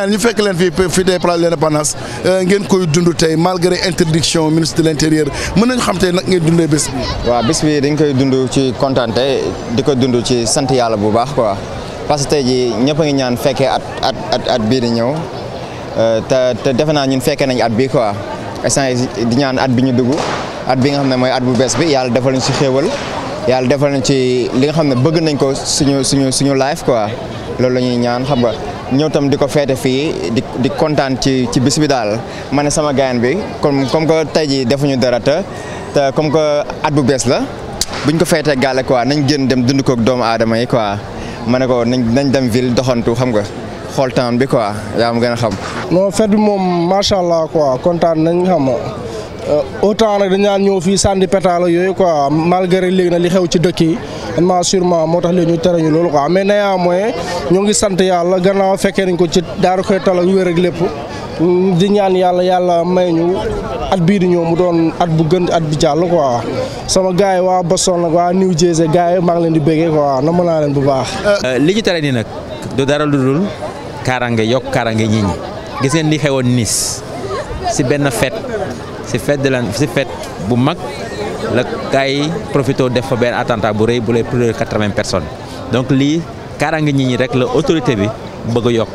bien ñu fekk leen fii fii tey place de l'Indépendance euh, ngeen koy dund tey malgré interdiction ministre de l'intérieur mën nañu xam tey nag ngeen dundee bés bi. waaw bés dañ koy dund ci kontante di ko dund ci sant yàlla bu baax quoi parce que tey jii ñëpp a ngi ñaan fekkee at at at bii di ñëw euh, te te defe naa ñun fekkee nañ at bi quoi instant di ñaan at bi ñu duggu at bi nga xam ne mooy at bu bees bi yàlla defal nu si xéewal yàlla defal ñu ci li nga xam ne bëgg nañ ko suñu suñu suñu life quoi loolu la ñuy ñaan xam nga. ñëw tam di ko feete fii di di kontaan ci ci bis bi daal ma ne sama gaayan bi kom comme tey jii defuñu dara te te comme que at bu bees la buñ ko feetee gàlle quoi nañ génn dem dund koog doomu aadama yi quoi ma ne ko nañ nañ dem ville doxantu xam nga xool temps bi quoi yaa ma gën a xam. non fête bi moom macha allah quoi kontaan nañ xam euh, autant nag dañ ñëw fii sànni pétalo yooyu quoi malgré léegi na li xew ci dëkk yi. man sûrement moo tax léegi ñu tere ñu loolu quoi mais néanmoins ñoo ngi sant yàlla gannaaw fekkee nañ ko ci daaru xeetal ak wér ak lépp di ñaan yàlla yàlla may ñu at bii di ñëw mu doon at bu gën at bu jàll ko sama gars yi waa Boston nag waa New Jersey gars yi maa ngi leen di béggee quoi na mën naa leen bu baax. Euh, li ñu tere nii nag du dara lu dul kaaraange yokk kaaraange ñii ñi gis ngeen li xewoon niis si benn fête si fet de la bu mag. la gars yi profité def fa benn attentat bu rëy bu lay plus de quatre-vingts personnes donc lii kaaraange nit ñi rek la autorité bi bëgg a yokk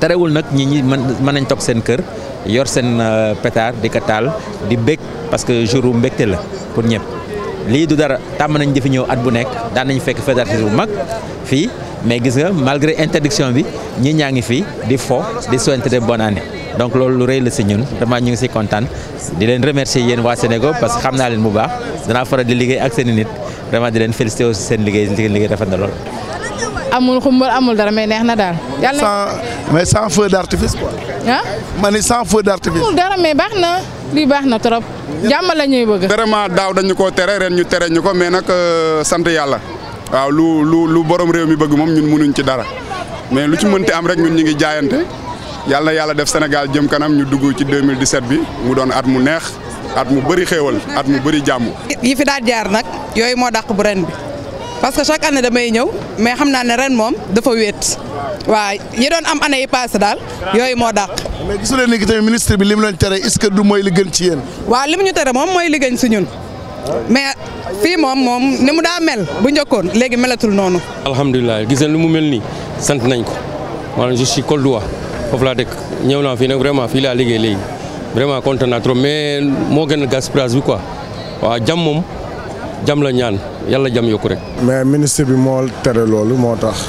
terewul nag nit ñi mën mën nañ toog seen kër yor seen euh, pétard di ko taal di bég parce que jour wu mbégte la pour ñëpp lii du dara tàmm nañ di fi ñëw at bu nekk daan nañ fekk fête d'artiste bu mag fii mais gis nga malgré interdiction bi ñii ñaa ngi fii di fo di souhaiter bonne année donc loolu lu rëy la si ñun vraiment ñu ngi si kontaan di leen remercier yéen waa Sénégal parce que xam naa leen bu baax danaa faral di liggéey ak seen nit vraiment di leen féliciter aussi seen liggéey seen liggéey rafet na lool. amul xumbal amul dara mais na daal. yàlla sans mais sans feu d'artifice quoi. ma ni sans feu d'artifice. amul dara mais baax na lii baax na trop. jàmm la ñuy bëgg. vraiment daaw dañu koo tere reen ñu tere ñu ko mais nag euh, sant yàlla waaw lu lu lu borom réew mi bëgg moom ñun mënuñ ci dara mais lu ci mënti am rek ñun ñu ngi jaayante. yàlla yàlla def Sénégal jëm kanam ñu dugg ci 2017 bi mu doon at mu neex at mu bëri xéewal at mu bëri jàmm. yi fi daal jaar nag yooyu moo dàq bu ren bi parce que chaque année damay ñëw mais xam naa ne ren moom dafa wéet waaw yi doon am année yi passé daal yooyu moo dàq. mais gisu leen ni tamit bi li mu leen tere est-ce que du mooy li ci yéen. waaw li mu ñu tere moom mooy li gën ñun mais fii moom moom ni mu daa mel bu njëkkoon léegi melatul noonu. alhamdulilah gis nañ lu mu mel nii sant nañ ko maanaam je suis Koldoua. foofu laa dëkk ñëw naa fii nag vraiment fii laa liggéey léegi vraiment content naa trop mais moo gën a gaspillage bi quoi waaw jàmm moom jàmm la ñaan yàlla jàmm yokku rek. mais ministre bi moo tere loolu moo tax.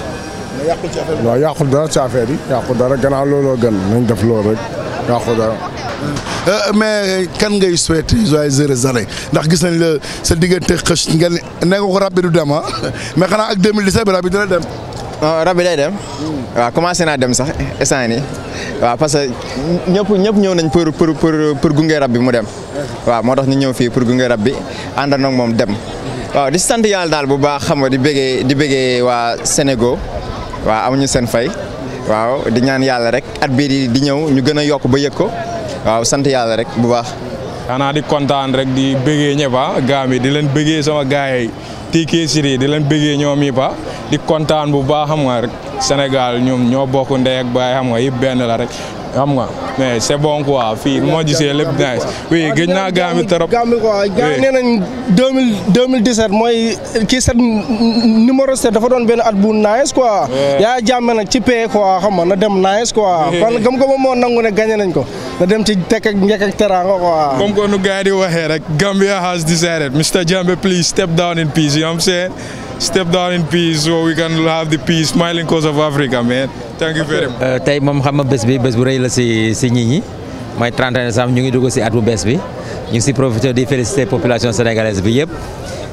yàqul ci affaire bi waaw yàqul dara ci affaire looloo gën nañ def loolu rek yàqul dara. Euh, mais kan ngay souhaité joyeuses heureuses années ndax gis nañ la sa diggante xës nga ne nga ko rab du dem ah. mais xanaa ak 2017 bi rab bi dina dem. Euh, rab bi day dem waaw commencé naa dem sax instant nii waaw parce que ñëpp ñëpp ñëw nañ pour pour pour pour gunge rab bi mu dem waaw moo tax ñu ñëw fii pour gunge rab bi ànd ak moom dem. waaw di sant yàlla daal bu baax xam nga di bëggee di bëggee waa Sénégal waaw amuñu seen fay waaw di ñaan yàlla rek at bii di ñëw ñu gën a yokk ba yëg ko waaw sant yàlla rek bu baax. xanaa di kontaan rek di bëggee ba gaa mi di leen bëggee sama gaay yi tiikee siri di leen bëggee ñoom yi ba ah, di kontaan bu baax xam nga rek Sénégal ñoom ñoo bokk ndey baay xam nga yëpp benn la rek xam nga mais c'est bon quoi fii moo gisee lépp nice oui ah, gëj naa gaami trop gaami quoi gaami nee nañ 2017 mooy kii set numéro set dafa doon benn at bu nice quoi yaa jàmme nag ci paye quoi xam nga na dem nice quoi kon gëm ko ba moo nangu ne gagné nañ ko na dem ci tekk ak njëkk ak teraanga quoi. comme que nu gars yi di waxee rek Gambia has decided Mr Jammeh please step down in peace you know step down in peace so we can have the peace smiling coast of Africa man euh, tey moom xam ma bés bi bés bu rëy la si si nit ñi mooy 31 décembre ñu ngi dugg si at bu bees bi ñu ngi si profité di féliciter population sénégalaise bi yëpp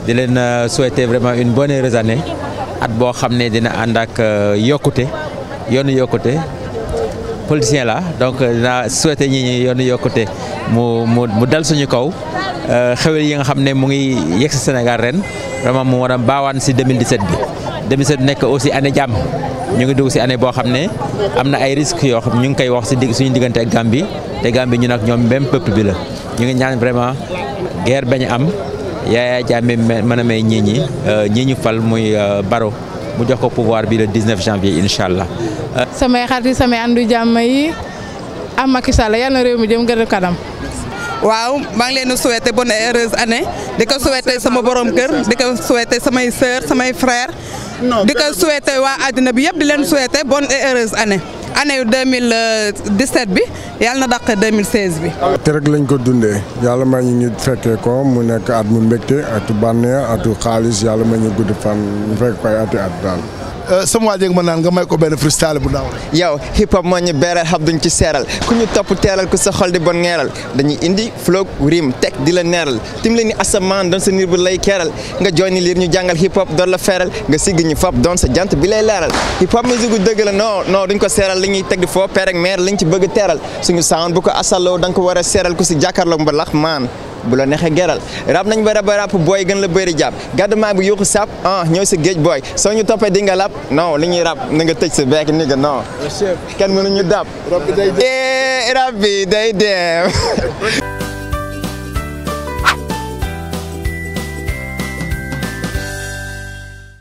di leen euh, souhaiter vraiment une bonne heureuse at boo xam ne dina ànd ak euh, yokkute yoonu yokkute. politicien la donc euh, naa souhaité ñi ñu yoonu yokkute mu mu mu dal suñu kaw euh, xewel yi nga xam ne mu ngi yegg si Sénégal ren vraiment mu war a baawaan si 2017 bi 2017 nekk aussi année jàmm ñu ngi dugg si année boo xam ne am na ay risques yoo xam ñu ngi koy wax si suñu diggante ak Gambie te Gambie ñu nag ñoom même peuple bi la ñu ngi ñaan vraiment guerre bañ am Yaya Jammeh mën a may ñii ñi ñii euh, ñu fal muy Barrow mu jox ko pouvoir bi le 19 janvier incha allah. samay xarit samay àndu jàmm yi am Macky Sall yal na réew mi jëm gën a kanam. waaw maa ngi leen di souhaiter bonne et heureuse année di ko souhaiter sama borom kër di ko souhaiter samay sœur samay frère di ko souhaiter waa àddina bi yëpp di leen souhaiter bonne et heureuse année. année 2017 bi yàlla na dàq 2016 bi. te rek lañ ko dundee yàlla ma ñu fekkee ko mu nekk at mu mbégte atu bànneex atu xaalis yàlla ma ñu gudd fan mu fekk koy ati at daal. Euh, sama waa jéeg ma naan nga may ko benn freestyle bu ndaw yow hip hop moo ñu beeral xam duñ ci seeral ku ñu topp teeral ku sa xol di bon neeral dañuy indi flow rim teg di la neeral tim leen ni asamaan doon sa niir bu lay keeral nga jooy ni liir ñu jàngal hip hop doon la feeral nga sigg ñu fop doon sa jant bi lay leeral hip hop musique gu dëgg la non non duñ ko seeral li ñuy teg di foo père ak mère liñ ci bëgg teeral suñu sound bu ko asaloo da nga ko war a seeral ku si jàkkaarloog mbalax maan bu la neexee geral rab nañ ba rab ba rab booy gën la bëri jàpp gàddamaa bi yuuxu sap ah ñëw si géej booy soo ñu toppee di nga lap non li ñuy rab na nga tëj sa beek ni nga non kenn mënuñu dab rab day dem eh,